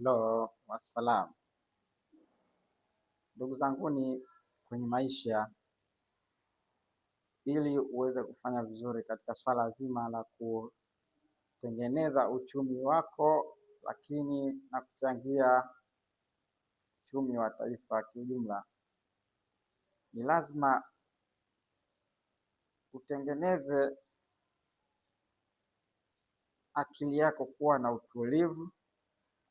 Hello, wassalam. Ndugu zanguni kwenye maisha, ili uweze kufanya vizuri katika swala zima la kutengeneza uchumi wako, lakini na kuchangia uchumi wa taifa kiujumla, ni lazima utengeneze akili yako kuwa na utulivu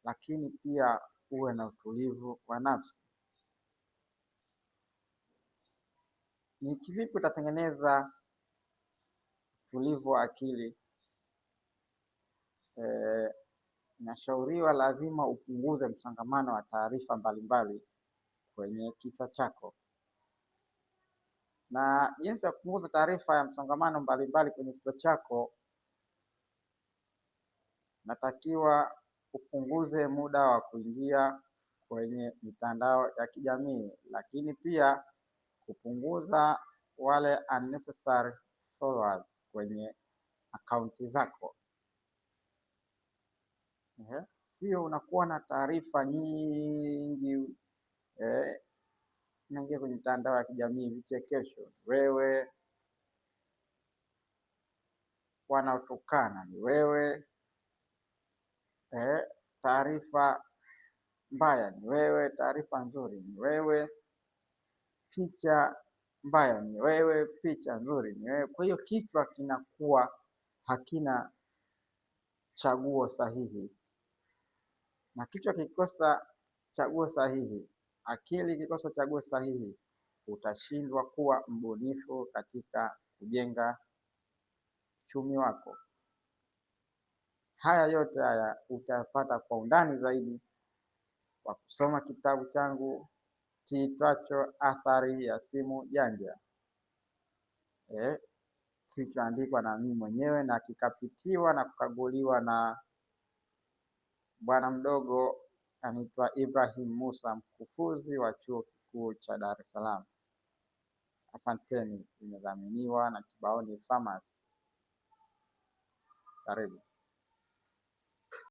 lakini pia uwe na utulivu wa nafsi. Ni kivipi utatengeneza utulivu wa akili? E, inashauriwa lazima upunguze msongamano wa taarifa mbalimbali kwenye kichwa chako. Na jinsi ya kupunguza taarifa ya msongamano mbalimbali kwenye kichwa chako, natakiwa upunguze muda wa kuingia kwenye mitandao ya kijamii, lakini pia kupunguza wale unnecessary followers kwenye akaunti zako. Yeah. sio unakuwa na taarifa nyingi eh, unaingia kwenye mitandao ya kijamii vichekesho, wewe wanaotukana ni wewe eh, taarifa mbaya ni wewe, taarifa nzuri ni wewe, picha mbaya ni wewe, picha nzuri ni wewe. Kwa hiyo kichwa kinakuwa hakina chaguo sahihi, na kichwa kikosa chaguo sahihi, akili kikosa chaguo sahihi, utashindwa kuwa mbunifu katika kujenga uchumi wako. Haya yote haya utayapata kwa undani zaidi kwa kusoma kitabu changu kiitwacho Athari ya Simu Janja, eh, kilichoandikwa na mimi mwenyewe na kikapitiwa na kukaguliwa na bwana mdogo anaitwa Ibrahim Musa, mkufuzi wa chuo kikuu cha Dar es Salaam. Asanteni, imedhaminiwa na Kibaoni Farmers. Karibu.